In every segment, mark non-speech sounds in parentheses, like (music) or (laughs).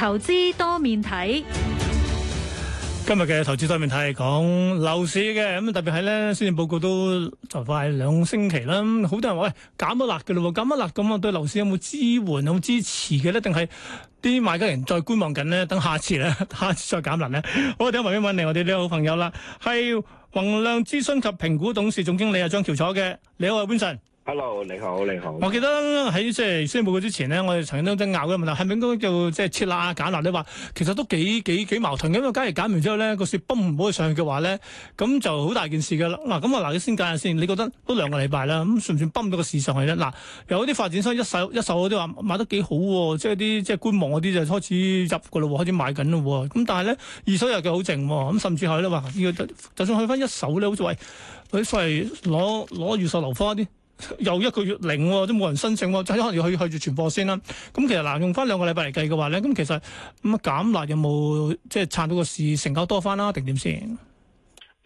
投資多面睇，今日嘅投資多面睇係講，樓市嘅咁特別係咧，施政報告都就快兩星期啦，好多人話喂，減咗辣嘅咯，減咗辣咁啊、嗯，對樓市有冇支援，有冇支持嘅咧？定係啲買家人再觀望緊咧？等下次咧，下次再減辣咧？好，等下慢慢問你，我哋啲好朋友啦，係泓亮諮詢及評估董事總經理啊張翹楚嘅，你好啊，Winson。hello，你好，你好。我記得喺即係宣布之前呢，我哋曾經都爭拗嘅問題係咪係應該就即係撤辣啊減辣咧？你話其實都幾幾幾矛盾嘅。因為假如減完之後咧，個雪崩唔好去上去嘅話咧，咁就好大件事嘅啦。嗱、啊，咁我嗱你先講下先，你覺得都兩個禮拜啦，咁算唔算崩到個市上去咧？嗱、啊，有啲發展商一手一手嗰啲話買得幾好喎，即係啲即係觀望嗰啲就開始入個咯，開始買緊咯。咁但係咧，二手又嘅好靜喎，咁甚至係咧話、這個、就算去翻一手咧，好似係佢費攞攞預售樓花啲。又一個月零都冇人申請喎，就可能要去去住存貨先啦。咁其實嗱，用翻兩個禮拜嚟計嘅話咧，咁其實咁減辣有冇即係撐到個市成交多翻啦？定點先？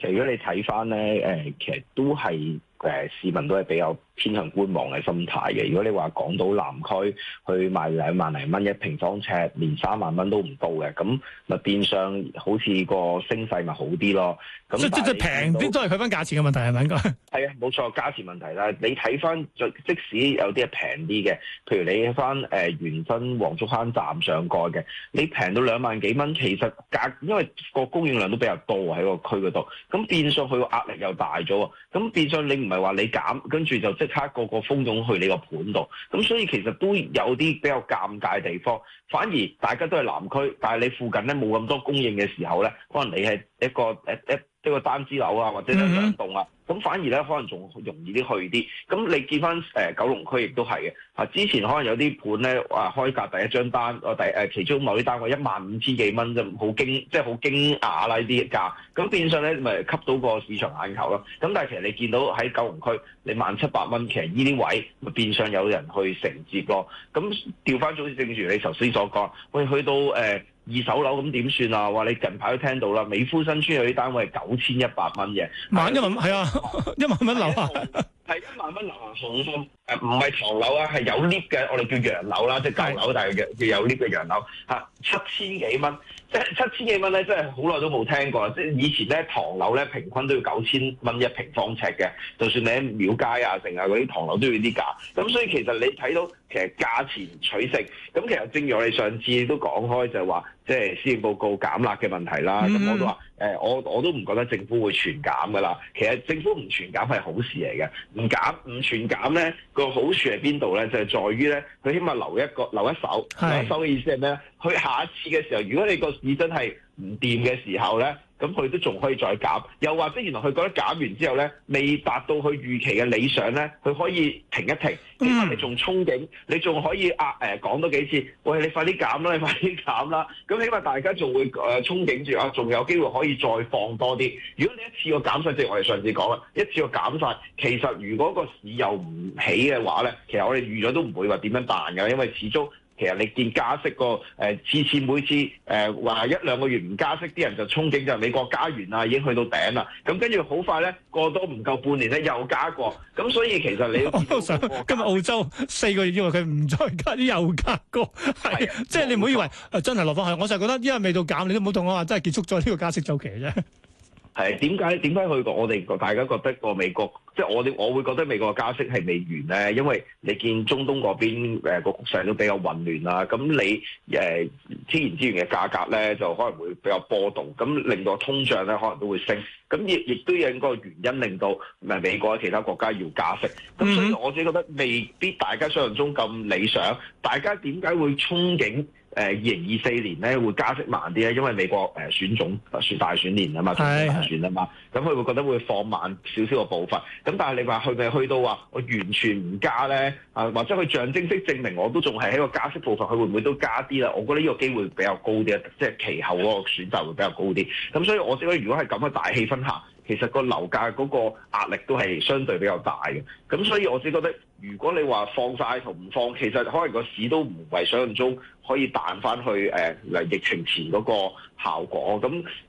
其實如果你睇翻咧，誒，其實都係誒市民都係比較。偏向觀望嘅心態嘅。如果你話港島南區去賣兩萬零蚊一平方尺，連三萬蚊都唔到嘅，咁咪變相好似個升勢咪好啲咯。咁即即即平，都都係佢翻價錢嘅問題係咪先？係啊的，冇 (laughs) 錯，價錢問題啦。你睇翻，即即使有啲係平啲嘅，譬如你翻誒原生黃竹坑站上蓋嘅，你平到兩萬幾蚊，其實價因為個供應量都比較多喺個區嗰度，咁變相佢個壓力又大咗喎。咁變相你唔係話你減，跟住就即。卡個個蜂擁去你個盤度，咁所以其實都有啲比較尷尬嘅地方。反而大家都係南區，但係你附近咧冇咁多供應嘅時候咧，可能你係。一個一個單支樓啊，或者兩棟啊，咁、嗯、哼反而咧可能仲容易啲去啲。咁你見翻、呃、九龍區亦都係嘅，啊之前可能有啲盤咧啊開價第一張單，第、啊、其中某啲單位一萬五千幾蚊就好驚，即係好驚訝啦呢啲價。咁變相咧咪吸到個市場眼球咯。咁但係其實你見到喺九龍區，你萬七八蚊，其實呢啲位咪變相有人去承接咯。咁調翻轉正如你頭先所講，喂去到、呃二手樓咁點算啊？話你近排都聽到啦，美孚新村有啲單位係九千一百蚊嘅，萬一萬蚊係啊，一萬蚊樓啊，係一萬蚊 (laughs) 樓啊，紅唔誒唔係唐樓啊，係有 lift 嘅，我哋叫洋樓啦，即係舊樓，但係嘅有 lift 嘅洋樓七千幾蚊，即係七千幾蚊咧，7, 真係好耐都冇聽過啦。即係以前咧，唐樓咧平均都要九千蚊一平方尺嘅，就算你喺廟街啊，成啊嗰啲唐樓都要啲價。咁所以其實你睇到。其實價錢取勝，咁其實正如我哋上次都講開就，就係話即係施政報告減辣嘅問題啦。咁、嗯、我都話我我都唔覺得政府會全減噶啦。其實政府唔全減係好事嚟嘅，唔減唔全減咧個好處喺邊度咧？就係、是、在於咧，佢起碼留一個留一手。是留一手嘅意思係咩？佢下一次嘅時候，如果你個市真係唔掂嘅時候咧，咁佢都仲可以再減，又或者原來佢覺得減完之後咧未達到佢預期嘅理想咧，佢可以停一停。其實你仲憧憬，你仲可以啊誒講多幾次，喂，你快啲減啦，你快啲減啦。咁起碼大家仲會誒、呃、憧憬住啊，仲有機會可以再放多啲。如果你一次過減曬，即係我哋上次講啦，一次過減晒，其實如果個市又唔起嘅話咧，其實我哋預咗都唔會話點樣辦㗎，因為始終。其實你見加息個誒，次次每次誒話、呃、一兩個月唔加息，啲人就憧憬就美國加完啦，已經去到頂啦。咁跟住好快咧，過多唔夠半年咧又加過。咁所以其實你今日澳洲四個月，因為佢唔再加，又加過，即係的你唔好以為洲真係落翻去。我就覺得因為未到減，你都唔好同我話真係結束咗呢個加息週期啫。係點解，點解去過我哋大家覺得個美國，即係我我會覺得美國嘅加息係未完咧，因為你見中東嗰邊誒個局勢都比較混亂啦，咁你誒天然資源嘅價格咧就可能會比較波動，咁令到通脹咧可能都會升，咁亦亦都有個原因令到美國喺其他國家要加息，咁所以我自己覺得未必大家想像中咁理想，大家點解會憧憬？誒二零二四年咧會加息慢啲咧，因為美國誒、呃、選總選大選年啊嘛，總選啊嘛，咁佢的會覺得會放慢少少個步伐。咁但係你話佢咪去到話我完全唔加咧啊？或者佢象徵式證明我都仲係喺個加息步伐，佢會唔會都加啲啦？我覺得呢個機會比較高啲，即係其後嗰個選擇會比較高啲。咁所以我只覺得如果係咁嘅大氣氛下，其實個樓價嗰個壓力都係相對比較大嘅。咁所以我只覺得。如果你話放晒同唔放，其實可能個市都唔係想像中可以彈翻去嚟疫情前嗰個效果。咁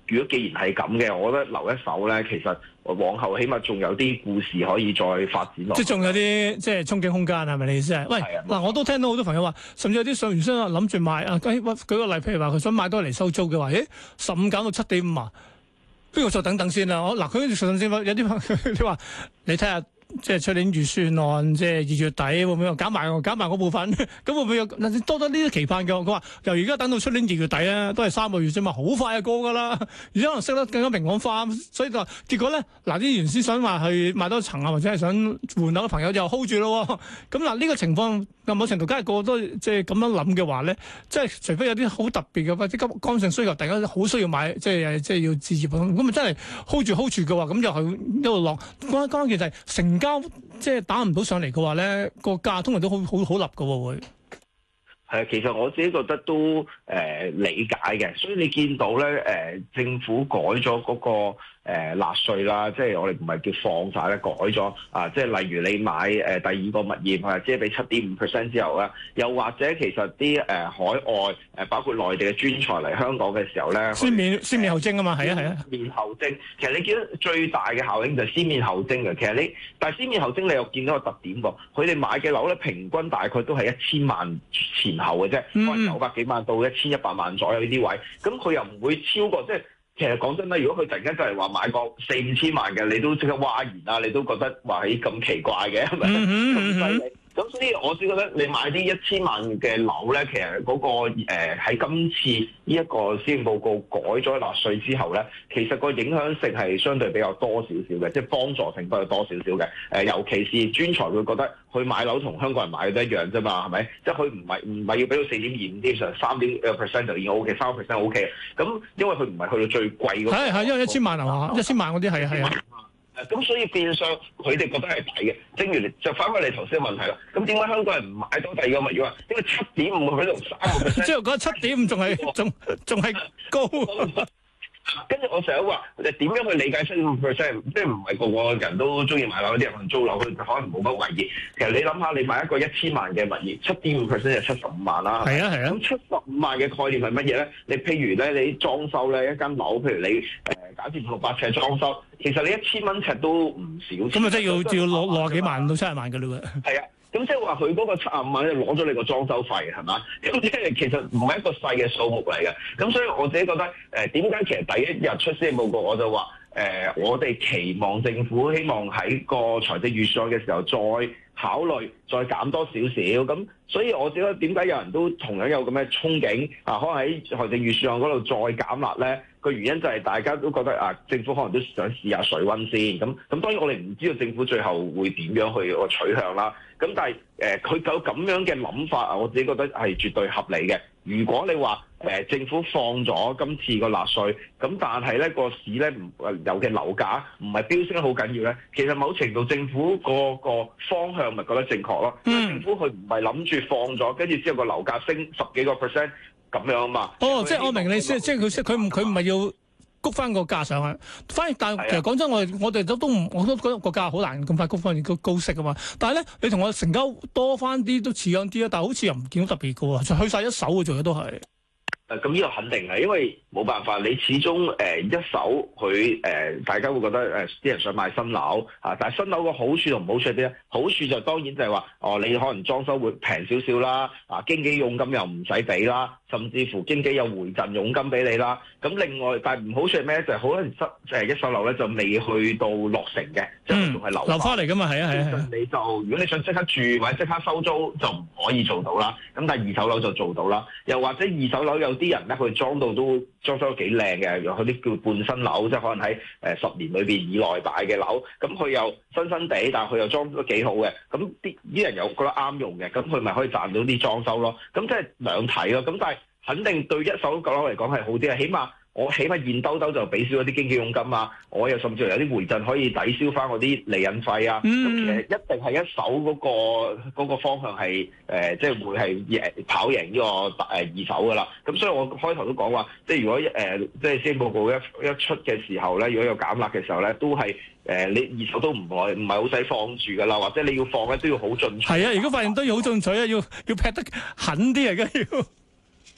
如果既然係咁嘅，我覺得留一手咧，其實往後起碼仲有啲故事可以再發展落去。即係仲有啲即係憧憬空間係咪你意思啊？的喂，嗱錯，我都聽到好多朋友話，甚至有啲上完先啊諗住買啊。舉舉個例，譬如話佢想買多嚟收租嘅話，咦，十五減到七點五啊，不如我再等等先啦？我嗱佢上完先有啲朋友話，你睇下。即係出年預算案，即係二月底會唔會減埋減埋嗰部分？咁會唔會有多多呢啲期盼嘅？佢話由而家等到出年二月底啊，都係三個月啫嘛，好快就過㗎啦。而家可能識得更加平穩化，所以就結果咧，嗱啲原先想話去買多層啊，或者係想換樓嘅朋友就 hold 住咯。咁嗱呢個情況，某程度梗係個個都即係咁樣諗嘅話咧，即係除非有啲好特別嘅或者急剛性需求，大家好需要買，即係即係要置業咁，咪真係 hold 住 hold 住嘅話，咁就係一路落。關關鍵就係成交。即係打唔到上嚟嘅話咧，個價通常都好好好立㗎喎。係啊，其實我自己覺得都誒、呃、理解嘅，所以你見到咧誒、呃，政府改咗嗰、那個。誒納稅啦，即係我哋唔係叫放晒，咧，改咗啊！即係例如你買誒、呃、第二個物業，係即係俾七點五 percent 之後咧，又或者其實啲誒、呃、海外誒包括內地嘅專才嚟香港嘅時候咧，先免們先免後徵啊嘛，係啊係啊，免後徵。其實你見到最大嘅效應就係先免後徵嘅。其實你但係先免後徵你又見到個特點噃，佢哋買嘅樓咧平均大概都係一千萬前後嘅啫，開九百幾萬到一千一百萬左右呢啲位，咁佢又唔會超過即係。其實講真啦，如果佢突然間就嚟話買個四五千萬嘅，你都即刻嘩然啊，你都覺得話係咁奇怪嘅，係咪？咁犀咁所以我只覺得你買啲一千萬嘅樓咧，其實嗰、那個喺、呃、今次呢一個施政報告改咗納稅之後咧，其實個影響性係相對比較多少少嘅，即係幫助性都係多少少嘅。誒、呃，尤其是專才會覺得佢買樓同香港人買嘅都一樣啫嘛，係咪？即係佢唔係唔係要俾到四點二五點上三點 percent 就已經 OK，三個 percent OK。咁因為佢唔係去到最貴嗰個。係係，因為一千萬啊嘛，一千萬嗰啲係啊啊。的咁所以變相佢哋覺得係大嘅。正如就翻返你頭先嘅問題啦。咁點解香港人唔買到第二個物業啊？點解七 (laughs) 點五個 percent 三個 percent 即係七點五仲係仲仲係高。跟住我想話，你點樣去理解七點五 percent？即係唔係個個人都中意買樓？啲人可能租樓，佢可能冇乜為意。其實你諗下，你買一個一千萬嘅物業，七點五 percent 就七十五萬啦。係啊係啊，咁七十五萬嘅概念係乜嘢咧？你譬如咧，你裝修咧一間樓，譬如你。搞掂六百尺裝修，其實你一千蚊尺都唔少。咁啊、嗯，真要要攞攞幾萬到七十萬嘅嘞啊，咁即係話佢嗰個七十五萬咧攞咗你個裝修費係嘛？咁即係其實唔係一個細嘅數目嚟嘅。咁所以我自己覺得誒，點、呃、解其實第一日出報告嗰我就話誒、呃，我哋期望政府希望喺個財政預算案嘅時候再考慮再減多少少。咁所以我自己覺得點解有人都同樣有咁嘅憧憬啊？可能喺財政預算案嗰度再減辣咧。個原因就係大家都覺得啊，政府可能都想試下水溫先咁。咁當然我哋唔知道政府最後會點樣去取向啦。咁但係佢、呃、有咁樣嘅諗法，我自己覺得係絕對合理嘅。如果你話誒、呃、政府放咗今次個辣稅，咁但係咧個市咧唔有嘅樓價唔係飆升得好緊要咧，其實某程度政府個個方向咪覺得正確咯。政府佢唔係諗住放咗，跟住之後個樓價升十幾個 percent。咁樣啊嘛！哦，即係我明你，即係即佢識佢唔佢唔係要谷翻個價上去。反而但係其實講真，我我哋都都唔我都覺得個價好難咁快谷翻個高息噶嘛。但係咧，你同我成交多翻啲都似樣啲啊，但好似又唔見到特別高啊，就去晒一手嘅做嘅都係。咁呢個肯定係因為冇辦法，你始終、呃、一手佢、呃、大家會覺得誒啲、呃呃、人想買新樓啊。但係新樓嘅好處同唔好處啲咧，好處就係、當然就係話，哦，你可能裝修會平少少啦，啊，經紀佣金又唔使俾啦。啊甚至乎經紀有回贈佣金俾你啦。咁另外，但唔好說咩就好可能失一手樓咧就未去到落成嘅，嗯、即係仲係流翻嚟㗎嘛。係啊係你就、啊啊、如果你想即刻住或者即刻收租就唔可以做到啦。咁但二手樓就做到啦。又或者二手樓有啲人咧佢裝到都裝修得幾靚嘅，又佢啲叫半新樓，即、係、可能喺誒十年裏面以內擺嘅樓，咁佢又新新地，但佢又裝得幾好嘅。咁啲啲人又覺得啱用嘅，咁佢咪可以賺到啲裝修咯。咁即係兩睇咯。咁但肯定對一手樓嚟講係好啲啊！起碼我起碼現兜兜就俾少一啲經紀佣金啊！我又甚至有啲回贈可以抵消翻我啲釐印費啊！咁其實一定係一手嗰、嗰個嗰、嗰個、方向係、呃、即係會係跑贏呢個二手噶啦。咁所以我開頭都講話，即係如果、呃、即係施政報告一一出嘅時候咧，如果有減辣嘅時候咧，都係、呃、你二手都唔可唔係好使放住噶啦，或者你要放咧都要好進取。係啊！如果發現都要好進取啊，要要劈得狠啲啊！要 (laughs)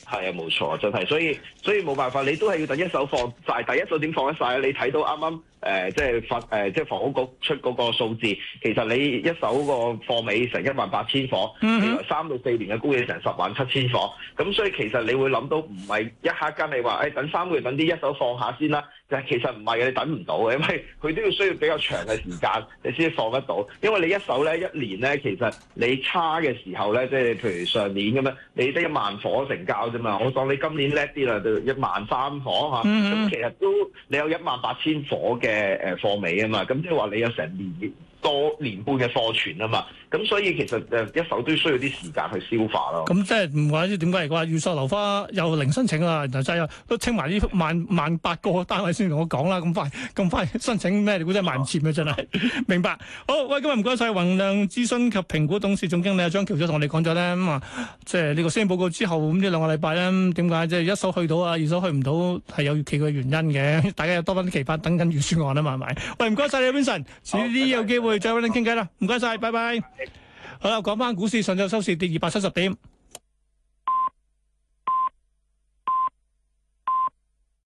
係啊，冇錯，真係，所以所以冇辦法，你都係要等一手放曬，第一手點放得晒啊？你睇到啱啱。誒、呃、即係發、呃、即係房屋局出嗰個數字，其實你一手個貨尾成一萬八千火，原來三到四年嘅供應成十萬七千火，咁所以其實你會諗到唔係一下間你話、欸、等三個月等啲一,一手放下先啦，就係其實唔係嘅，你等唔到嘅，因為佢都要需要比較長嘅時間你先放得到，因為你一手咧一年咧其實你差嘅時候咧，即係譬如上年咁樣，你得一萬火成交啫嘛，我當你今年叻啲啦，就一萬三火吓，咁其實都你有一萬八千火嘅。誒誒貨尾啊嘛，咁即係話你有成年多年半嘅貨存啊嘛，咁、嗯、所以其實誒一手都需要啲時間去消化咯。咁即係唔怪得點解而家預售樓花又零申請啦，就真係都清埋呢幅萬八個單位先同我講啦。咁快咁快申請咩？你估真係賣唔切咩？真係、啊、 (laughs) 明白。好，喂，今日唔該晒泓亮諮詢及評估董事總經理張翹楚同我哋講咗咧，咁話即係呢個施政報告之後咁呢兩個禮拜咧，點解即係一手去到啊，二手去唔到係有其他原因嘅？大家有多番啲期盼，等緊預售岸啦嘛，係咪、嗯嗯嗯？喂，唔該晒你 (laughs) ，Vincent，遲啲有機會再搵你傾偈啦。唔該晒， (laughs) 拜拜。好啦，講翻股市，上晝收市跌二百七十點。